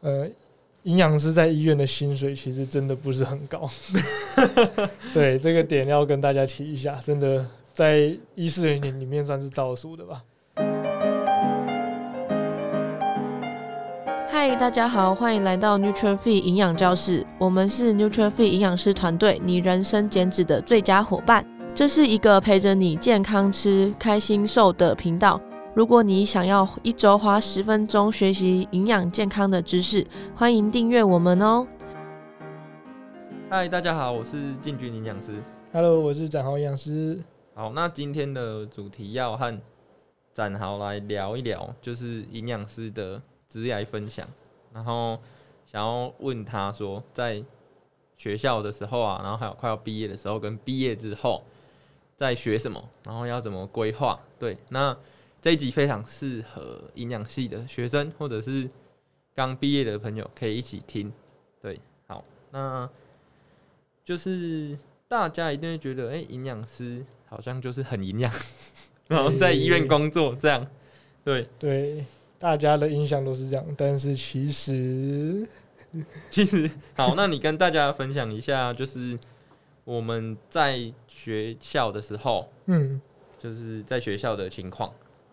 呃，營養師在醫院的薪水其實真的不是很高 對，對這個點要跟大家提一下，真的在一四零零裡面算是倒數的吧。嗨，大家好，歡迎來到 Nutrify 營養教室，我們是 Nutrify 營養師團隊，你人生減脂的最佳夥伴。這是一個陪着你健康吃、開心瘦的頻道。如果你想要一周花十分鐘學習營養健康的知識，歡迎訂閱我們哦、喔。嗨，大家好，我是敬鈞營養師。Hello，我是展豪營養師。好，那今天的主題要和展豪來聊一聊，就是營養師的職涯分享。然後想要問他說，在學校的時候啊，然後還有快要畢業的時候，跟畢業之後在學什麼，然後要怎麼規劃？對，那。這一集非常適合營養系的學生，或者是剛畢業的朋友可以一起聽。對，好，那就是大家一定會覺得，哎、欸，營養師好像就是很營養，對對對 然後在醫院工作這樣。對對，大家的印象都是這樣，但是其實其實好，那你跟大家分享一下，就是我們在學校的時候，嗯，就是在學校的情況。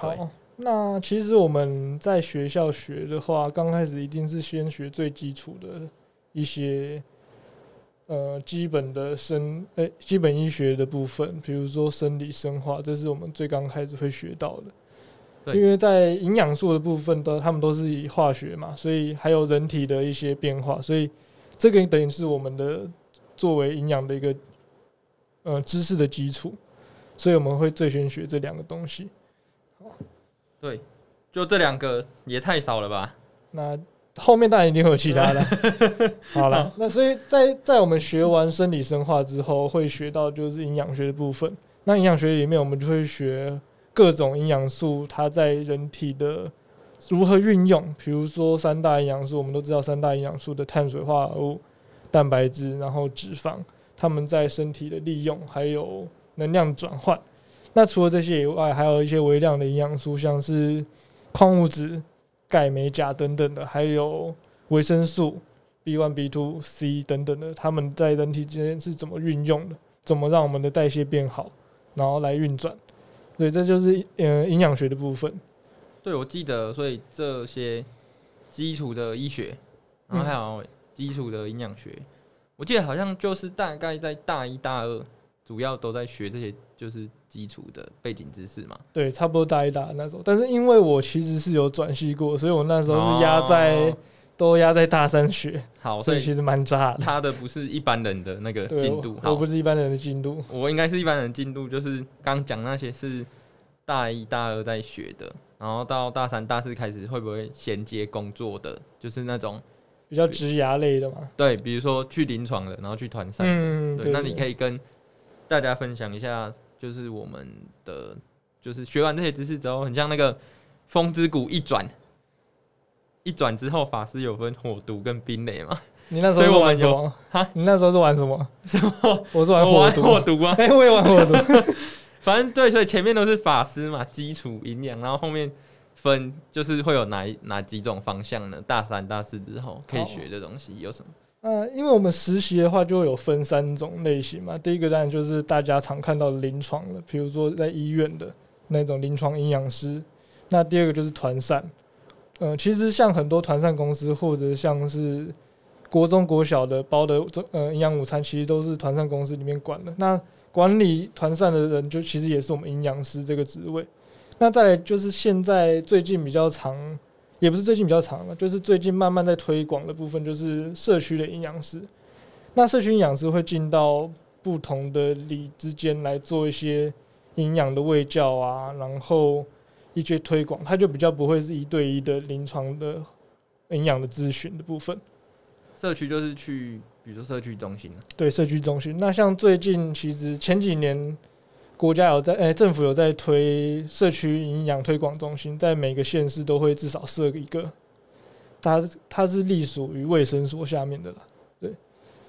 好，那其實我們在學校學的話，剛開始一定是先學最基礎的一些呃基本的生誒、欸、基本醫學的部分，比如說生理生化，這是我們最剛開始會學到的。因為在營養素的部分都，他們都是以化學嘛，所以還有人體的一些變化，所以這個等於是我們的作為營養的一個呃知識的基礎，所以我們會最先學這兩個東西。對，就這兩個也太少了吧？那後面當然一定會有其他的。好了，那所以在在我們學完生理生化之後，會學到就是營養學的部分。那營養學裡面，我們就會學各種營養素它在人體的如何運用。比如說三大營養素，我們都知道三大營養素的碳水化合物、蛋白質，然後脂肪，它們在身體的利用，還有能量轉換。那除了這些以外，還有一些微量的營養素，像是礦物質、鈣、鎂、鉀等等的，還有維生素 B one、B two、C 等等的。它們在人體之間是怎麼運用的？怎麼讓我們的代謝變好，然後來運轉？所以這就是呃營養學的部分。對，我記得，所以這些基礎的醫學，然後還有基礎的營養學，嗯。我記得好像就是大概在大一大二，主要都在學這些，就是。基礎的背景知識嘛，對，差不多大一、大二那時候，但是因為我其實是有轉系過，所以我那時候是壓在 oh, oh, oh, oh. 都壓在大三學，好，所以，所以其實蠻渣的。他的不是一般人的那個進度，我，好我不是一般人的進度，我應該是一般人進度，就是剛講那些是大一、大二在學的，然後到大三、大四開始會不會銜接工作的，就是那種比較職涯類的嘛，對，比如說去臨床了，然後去團膳，嗯、對，對，那你可以跟大家分享一下。就是我們的，就是學完這些知識之後，很像那個風之谷一轉，一轉之後法師有分火毒跟冰雷嘛。你那時候我玩什麼啊？所以我玩什麼？蛤你那時候是玩什麼？是什麼，我是玩火毒啊。哎、欸，我也玩火毒。 反正對，所以前面都是法師嘛，基礎營養，然後後面分就是會有哪哪幾種方向呢？大三、大四之後可以學的東西、哦、有什麼？呃，因為我們實習的話，就會有分三種類型嘛。第一個當然就是大家常看到臨床的，比如說在醫院的那種臨床營養師。那第二個就是團膳，呃，其實像很多團膳公司或者像是國中國小的包的這呃營養午餐，其實都是團膳公司裡面管的。那管理團膳的人，就其實也是我們營養師這個職位。那在就是現在最近比較常。也不是最近比較長了，就是最近慢慢在推廣的部分，就是社區的營養師。那社區營養師會進到不同的里之間來做一些營養的衛教啊，然後一些推廣，它就比較不會是一對一的臨床的營養的諮詢的部分。社區就是去，比如說社區中心，對，社區中心。那像最近其實前幾年。國家有在誒、欸，政府有在推社區營養推廣中心，在每個縣市都會至少設一個，它它是隸屬於衛生所下面的啦。對，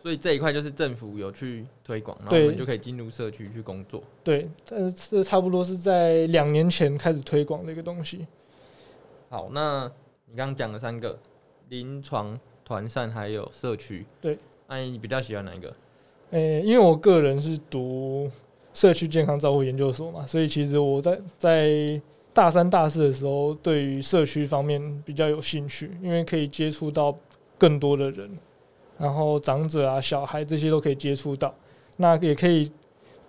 所以這一塊就是政府有去推廣，然後我們就可以進入社區去工作。對，但是這差不多是在兩年前開始推廣的一個東西。好，那你剛剛講了三個臨床、團膳還有社區。對，阿姨、啊、你比較喜歡哪一個？誒、欸，因為我個人是讀。社區健康照護研究所嘛，所以其實我在在大三大四的時候，對於社區方面比較有興趣，因為可以接觸到更多的人，然後長者啊、小孩這些都可以接觸到，那也可以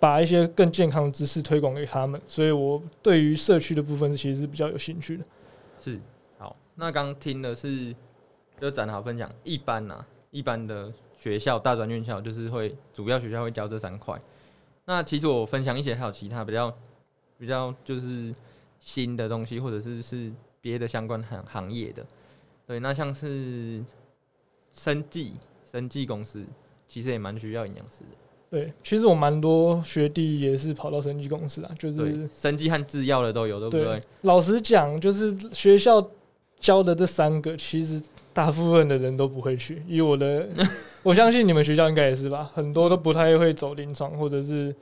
把一些更健康的知識推廣給他們，所以我對於社區的部分其實是比較有興趣的。是，好，那剛聽的是就展豪分享，一般呢、啊，一般的學校大專院校就是會主要學校會教這三塊。那其實我分享一些，還有其他比較比較就是新的東西，或者是是別的相關行行業的，對，那像是生技、生技公司，其實也蠻需要營養師的。對，其實我蠻多學弟也是跑到生技公司啊，就是生技和製藥的都有，對不對？對，老實講，就是學校教的這三個其實。大部分的人都不會去，以我的 我相信你們學校應該也是吧，很多都不太會走臨床，或者是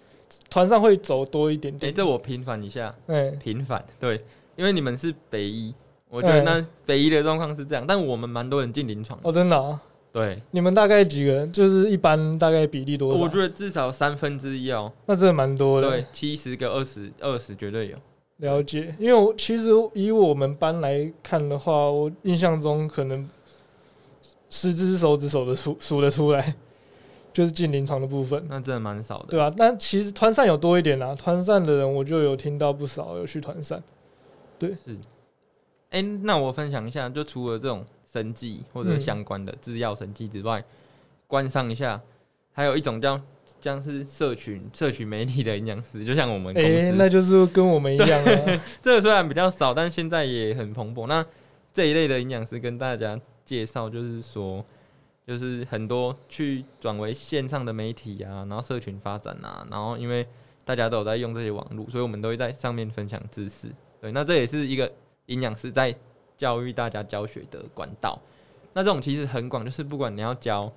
團膳會走多一點點。欸、這我平反一下，哎、欸，平反，對，因為你們是北醫，我覺得那北醫的狀況是這樣，欸、但我們蠻多人進臨床。哦、喔，真的、喔？對，你們大概幾個人？就是一般大概比例多少？我覺得至少三分之一哦、喔，那真的蠻多的。對，七十個二十，二十絕對有。了解。因為我其實以我們班來看的話，我印象中可能。十只手指手的數數得出來，就是進臨床的部分，那真的蠻少的，對吧？啊。那其實團膳有多一點啊。團膳的人我就有聽到不少有去團膳。對，是、欸。那我分享一下，就除了這種生技或者相關的制藥生技之外，嗯、觀賞一下，還有一種叫像是社群、社群媒體的營養師，就像我們公司、欸、那就是跟我們一樣、啊、對 這個雖然比較少，但現在也很蓬勃。那這一類的營養師跟大家。介紹就是說，就是很多去轉為線上的媒體啊，然後社群發展啊，然後因為大家都有在用這些網絡，所以我們都會在上面分享知識。對，那這也是一個營養師在教育大家教學的管道。那這種其實很廣，就是不管你要教，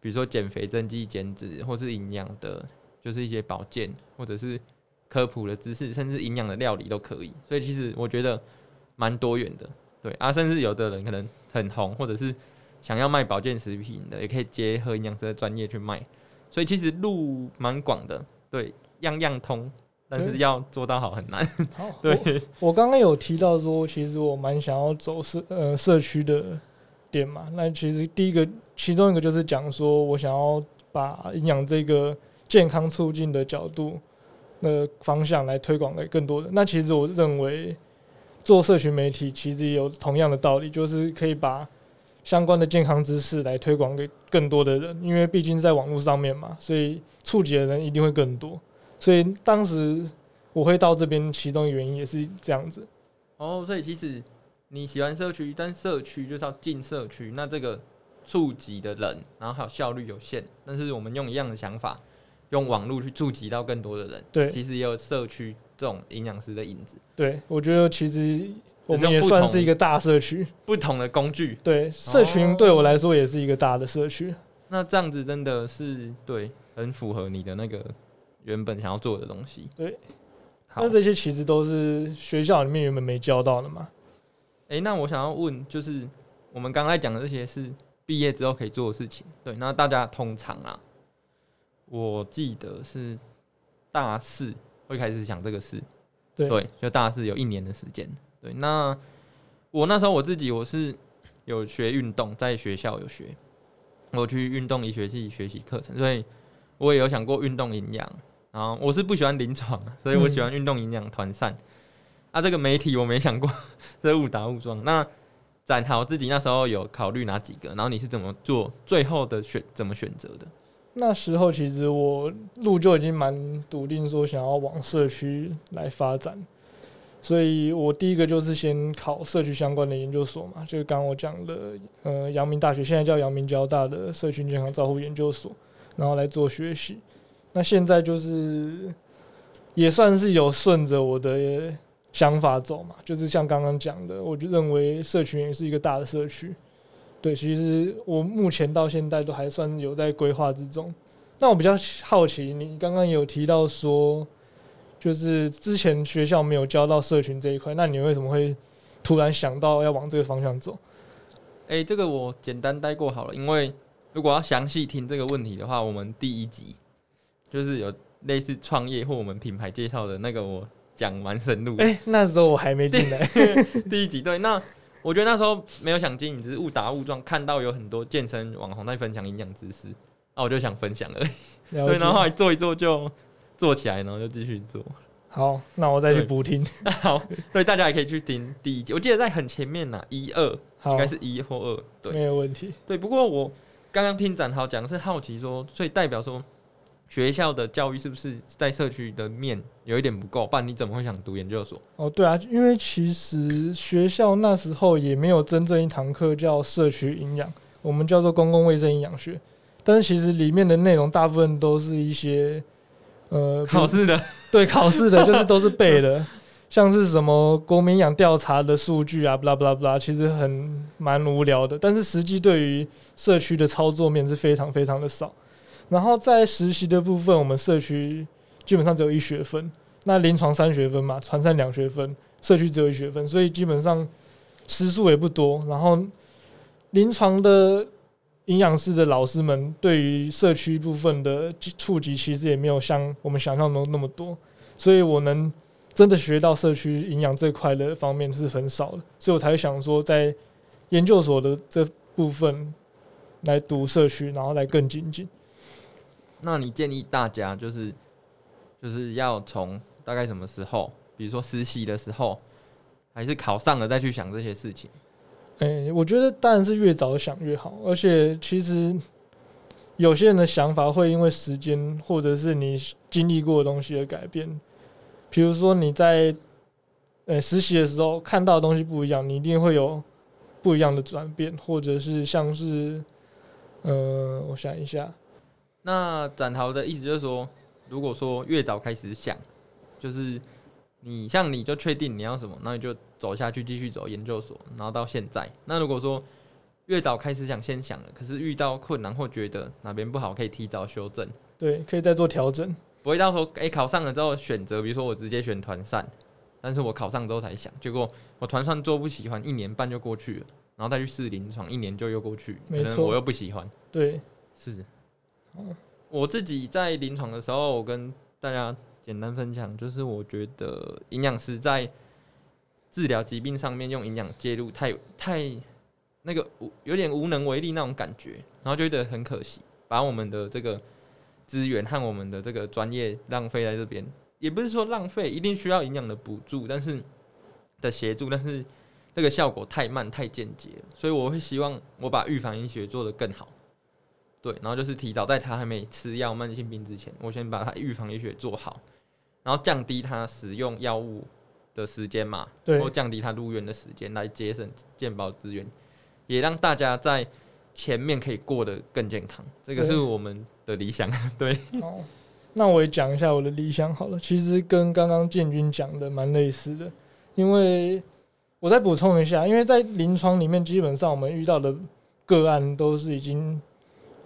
比如說減肥、增肌、減脂，或是營養的，就是一些保健或者是科普的知識，甚至營養的料理都可以。所以其實我覺得蠻多元的。對啊，甚至有的人可能很紅，或者是想要賣保健食品的，也可以結合營養師的專業去賣，所以其實路蠻廣的，對，樣樣通，但是要做到好很難。對， 好對我剛剛有提到說，其實我蠻想要走社呃社區的點嘛。那其實第一個，其中一個就是講說我想要把營養這個健康促進的角度的、那個、方向來推廣給更多人。那其實我認為。做社群媒體其實也有同樣的道理，就是可以把相關的健康知識來推廣給更多的人，因為畢竟在網絡上面嘛，所以觸及的人一定會更多。所以當時我會到這邊，其中的原因也是這樣子。哦，所以其實你喜歡社區，但社區就是要進社區，那這個觸及的人，然後還有效率有限，但是我們用一樣的想法，用網絡去觸及到更多的人。對，其實也有社區，這種營養師的影子。對，對，我覺得其實我們也算是一個大社區，不同的工具，對，社群，對我來說也是一個大的社區。哦，那這樣子真的是對，很符合你的那個原本想要做的東西。對，好，那這些其實都是學校裡面原本沒教到的嘛？哎、欸，那我想要問，就是我們剛才講的這些是畢業之後可以做的事情。對，那大家通常啊，我記得是大四。會開始想這個事對，對就大概是有一年的時間。對，那我那時候我自己我是有學運動，在學校有學，我去運動醫學系學習課程，所以我也有想過運動營養。然後我是不喜歡臨床，所以我喜歡運動營養團膳。那、嗯啊、這個媒體我沒想過，這誤打誤撞。那展豪自己那時候有考慮哪幾個？然後你是怎麼做最後的選？怎麼選擇的？那時候其實我路就已經蠻篤定，說想要往社區來發展，所以我第一個就是先考社區相關的研究所嘛，就是剛剛我講的，呃，陽明大學現在叫陽明交大的社區健康照護研究所，然後來做學習。那現在就是也算是有順着我的想法走嘛，就是像剛剛講的，我就認為社群也是一個大的社區。對，其實我目前到現在都還算有在規劃之中。那我比較好奇，你剛剛有提到說，就是之前學校沒有教到社群這一塊，那你為什麼會突然想到要往這個方向走？哎、欸，這個我簡單帶過好了，因為如果要詳細聽這個問題的話，我們第一集就是有類似創業或我們品牌介紹的那個，我講蠻深入。哎、欸，那時候我還沒進來， 第一集對那。我覺得那時候沒有想經營，只是誤打誤撞看到有很多健身網紅在分享營養知識，那、啊、我就想分享而已。了解 對，然後後來做一做就做起來，然後就繼續做。好，那我再去補聽。對。好，所以大家也可以去聽第一集。我記得在很前面吶，一二好，應該是一或二。對，沒有問題。對，不過我剛剛聽展豪講是好奇說，所以代表說。學校的教育是不是在社區的面有一點不夠？不然你怎麼會想讀研究所？哦，對啊，因為其實學校那時候也沒有真正一堂課叫社區營養，我們叫做公共衛生營養學。但是其實裡面的內容大部分都是一些呃考試的，對考試的，就是都是背的， 像是什麼國民營養調查的數據啊，blah blah blah, 其實很蠻無聊的。但是實際對於社區的操作面是非常非常的少。然後在實習的部分，我們社區基本上只有一學分，那臨床三學分嘛，團膳兩學分，社區只有一學分，所以基本上時數也不多。然後臨床的營養師的老師們對於社區部分的觸及，其實也沒有像我們想象中那麼多，所以我能真的學到社區營養這塊的方面是很少的，所以我才想說在研究所的這部分來讀社區，然後來更精進。那你建議大家就是，就是要從大概什麼時候，比如說實習的時候，還是考上了再去想這些事情？哎、欸，我覺得當然是越早想越好。而且其實有些人的想法會因為時間或者是你經歷過的東西而改變。比如說你在呃、欸、實習的時候看到的東西不一樣，你一定會有不一樣的轉變，或者是像是嗯、呃……我想一下。那展豪的意思就是說，如果說越早開始想，就是你像你就確定你要什麼，那你就走下去繼續走研究所，然後到現在。那如果說越早開始想先想了，可是遇到困難或覺得哪邊不好，可以提早修正，對，可以再做調整，不會到時候哎、欸、考上了之後選擇，比如說我直接選團膳，但是我考上之後才想，結果我團膳做不喜歡，一年半就過去了，然後再去試臨床，一年就又過去，沒錯，我又不喜歡，錯對，是。我自己在臨床的時候，我跟大家簡單分享，就是我覺得營養師在治療疾病上面用營養介入太，太太那個有點無能為力那種感覺，然後覺得很可惜，把我們的這個資源和我們的這個專業浪費在這邊，也不是說浪費，一定需要營養的補助，但是的協助，但是這個效果太慢太間接，所以我會希望我把預防醫學做得更好。對，然後就是提早在他還沒吃藥慢性病之前，我先把他預防醫學做好，然後降低他使用藥物的時間嘛，對，然後降低他入院的時間，來節省健保資源，也讓大家在前面可以過得更健康，這個是我們的理想。對，對哦，那我也講一下我的理想好了，其實跟剛剛敬鈞講的蠻類似的，因為我再補充一下，因為在臨床裡面，基本上我們遇到的個案都是已經。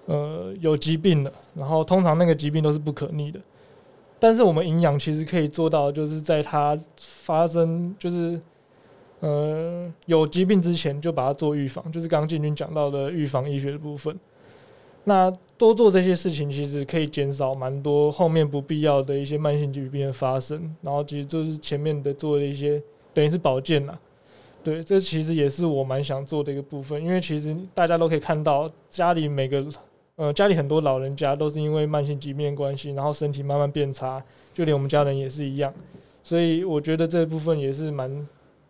呃，有疾病的，然後通常那個疾病都是不可逆的。但是我們營養其實可以做到，就是在它發生，就是呃有疾病之前就把它做預防，就是剛剛敬鈞講到的預防醫學的部分。那多做這些事情，其實可以減少蠻多後面不必要的一些慢性疾病的發生。然後其實就是前面的做的一些，等於是保健了。對，這其實也是我蠻想做的一個部分，因為其實大家都可以看到家裡每個。呃、嗯，家裡很多老人家都是因為慢性疾病關係，然後身體慢慢變差，就連我們家人也是一樣，所以我覺得這部分也是蠻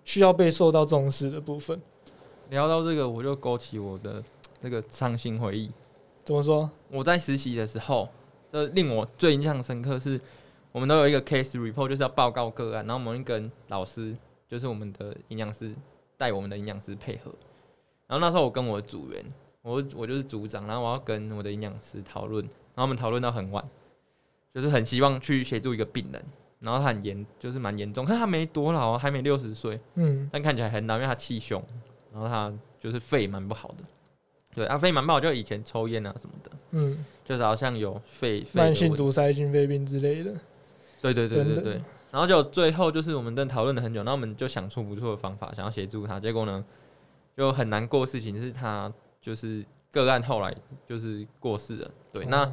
需要被受到重視的部分。聊到這個，我就勾起我的這個傷心回憶。怎麼說？我在實習的時候，這令我最印象深刻是我們都有一個 case report，就是要報告個案，然後我們跟老師，就是我們的營養師，帶我們的營養師配合。然後那時候我跟我的組員。我我就是組長，然後我要跟我的營養師討論，然後我們討論到很晚，就是很希望去協助一個病人，然後他很嚴，就是蠻嚴重，看他沒多老啊，還沒六十歲，嗯，但看起來很老，因為他氣胸，然後他就是肺蠻不好的，對，啊，肺蠻不好，就以前抽煙啊什麼的，嗯，就是好像有肺，肺慢性阻塞性肺病之類的，對對，對對對對對，的然後就最後就是我們在討論了很久，然後我們就想出不錯的方法，想要協助他，結果呢，就很難過的事情是他。就是個案，後來就是過世了。對，那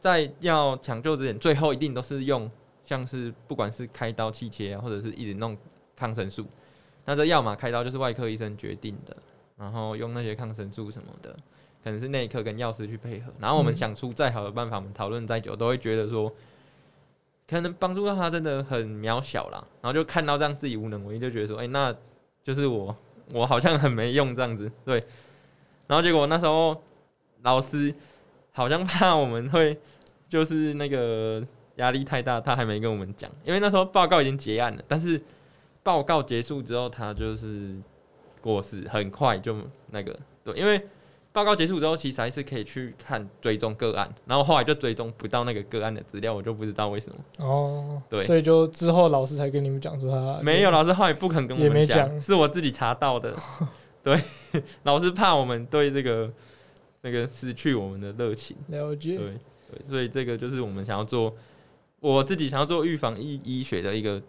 在要搶救之前，最後一定都是用像是不管是開刀器械、啊，或者是一直弄抗生素。那這要麼開刀就是外科醫生決定的，然後用那些抗生素什麼的，可能是內科跟藥師去配合。然後我們想出再好的辦法，我們討論再久，都會覺得說，可能幫助到他真的很渺小啦。然後就看到這樣自己無能為力，就覺得說，哎、欸，那就是我，我好像很沒用這樣子。對。然後結果那時候老師好像怕我們會就是那個壓力太大，他還沒跟我們講，因為那時候報告已經結案了。但是報告結束之後，他就是過世，很快就那個。對，因為報告結束之後，其實還是可以去看追蹤個案，然後後來就追蹤不到那個個案的資料，我就不知道為什麼。哦，對，所以就之後老師才跟你們講說他沒有，老師後來不肯跟我們講，是我自己查到的。 對，老是怕我們對這個這個失去我們的熱情。了解。對對，所以這個就是我們想要做，我自己想要做預防醫醫學的一個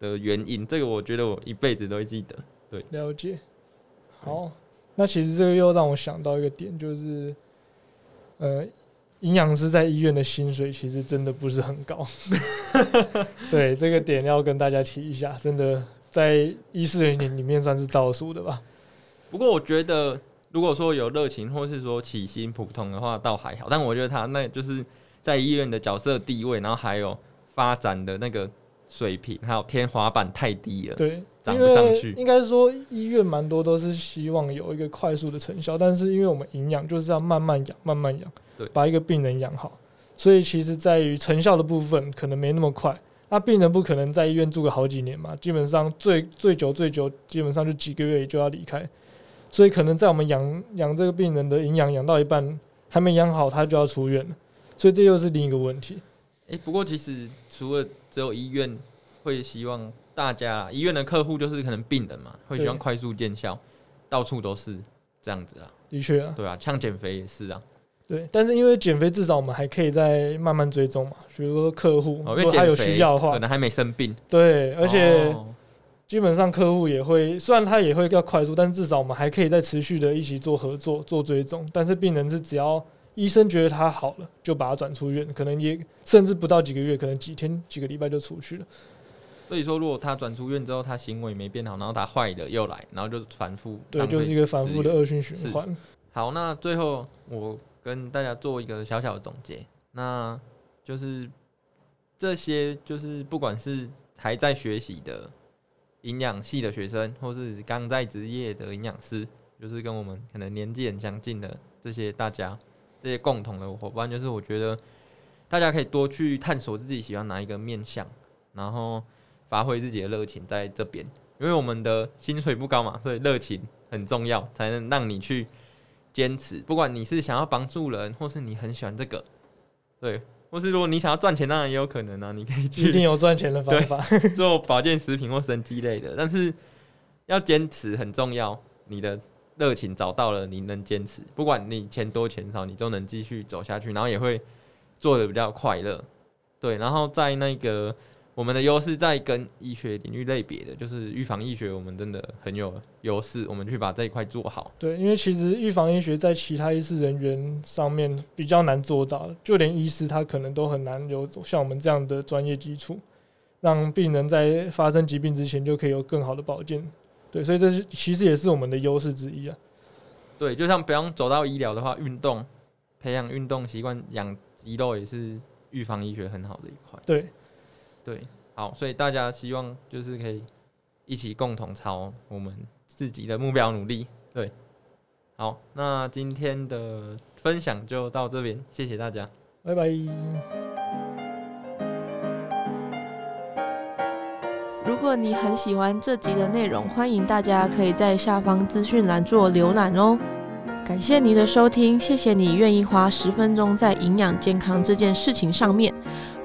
的原因。這個我覺得我一輩子都會記得。對，了解。好，那其實這個又讓我想到一個點，就是，呃，營養師在醫院的薪水其實真的不是很高。 對，這個點要跟大家提一下，真的在醫事人員裡面算是倒數的吧。不過我覺得，如果說有熱情，或是說起薪普通的話，倒還好。但我覺得他那就是在醫院的角色地位，然後還有發展的那個水平，還有天花板太低了。對，漲不上去。應該說醫院蠻多都是希望有一個快速的成效，但是因為我們營養就是要慢慢養，慢慢養，對，把一個病人養好。所以其實在於成效的部分，可能沒那麼快。那病人不可能在醫院住個好幾年嘛？基本上最最久最久，基本上就幾個月就要離開。所以可能在我們養養這個病人的營養養到一半，還沒養好，他就要出院了。所以這又是另一個問題。哎、欸，不過其實除了只有醫院會希望大家，醫院的客戶就是可能病人嘛，會希望快速見效，對到處都是這樣子啦。的確，啊，對啊，像減肥也是啊。對，但是因為減肥至少我們還可以再慢慢追蹤嘛。比如說客戶、哦、如果他有需要的話，可能還沒生病。對，而且、哦。基本上客戶也會，雖然他也會要快速，但是至少我們還可以再持續的一起做合作，做追蹤。但是病人是只要醫生覺得他好了，就把他轉出院，可能也甚至不到幾個月，可能幾天、幾個禮拜就出去了。所以說，如果他轉出院之後，他行為沒變好，然後他壞的又來，然後就反覆，對，就是一個反覆的惡性循環。好，那最後我跟大家做一個小小的總結，那就是這些就是不管是還在學習的。營養系的學生，或是剛在職業的營養師，就是跟我們可能年紀很相近的這些大家，這些共同的夥伴，就是我覺得大家可以多去探索自己喜歡哪一個面向，然後發揮自己的熱情在這邊，因為我們的薪水不高嘛，所以熱情很重要，才能讓你去堅持。不管你是想要幫助人，或是你很喜歡這個，對。或是如果你想要賺錢，當然也有可能啊，你可以去，一定有賺錢的方法，做保健食品或生機類的，但是要堅持很重要。你的熱情找到了，你能堅持，不管你錢多錢少，你都能繼續走下去，然後也會做得比較快樂。對，然後在那個。我們的優勢在跟醫學領域類別的，就是預防醫學，我們真的很有優勢。我們去把這一塊做好。對，因為其實預防醫學在其他醫師人員上面比較難做到，就連醫師他可能都很難有像我們這樣的專業基礎，讓病人在發生疾病之前就可以有更好的保健。對，所以這是其實也是我們的優勢之一啊。對，就像不用走到醫療的話，運動培養運動習慣，養肌肉也是預防醫學很好的一塊。對。對，好，所以大家希望就是可以一起共同朝我們自己的目標努力。對，好，那今天的分享就到這邊，謝謝大家，拜拜。如果你很喜歡這集的內容，歡迎大家可以在下方資訊欄做瀏覽哦。感謝您的收聽，謝謝你願意花十分鐘在營養健康這件事情上面。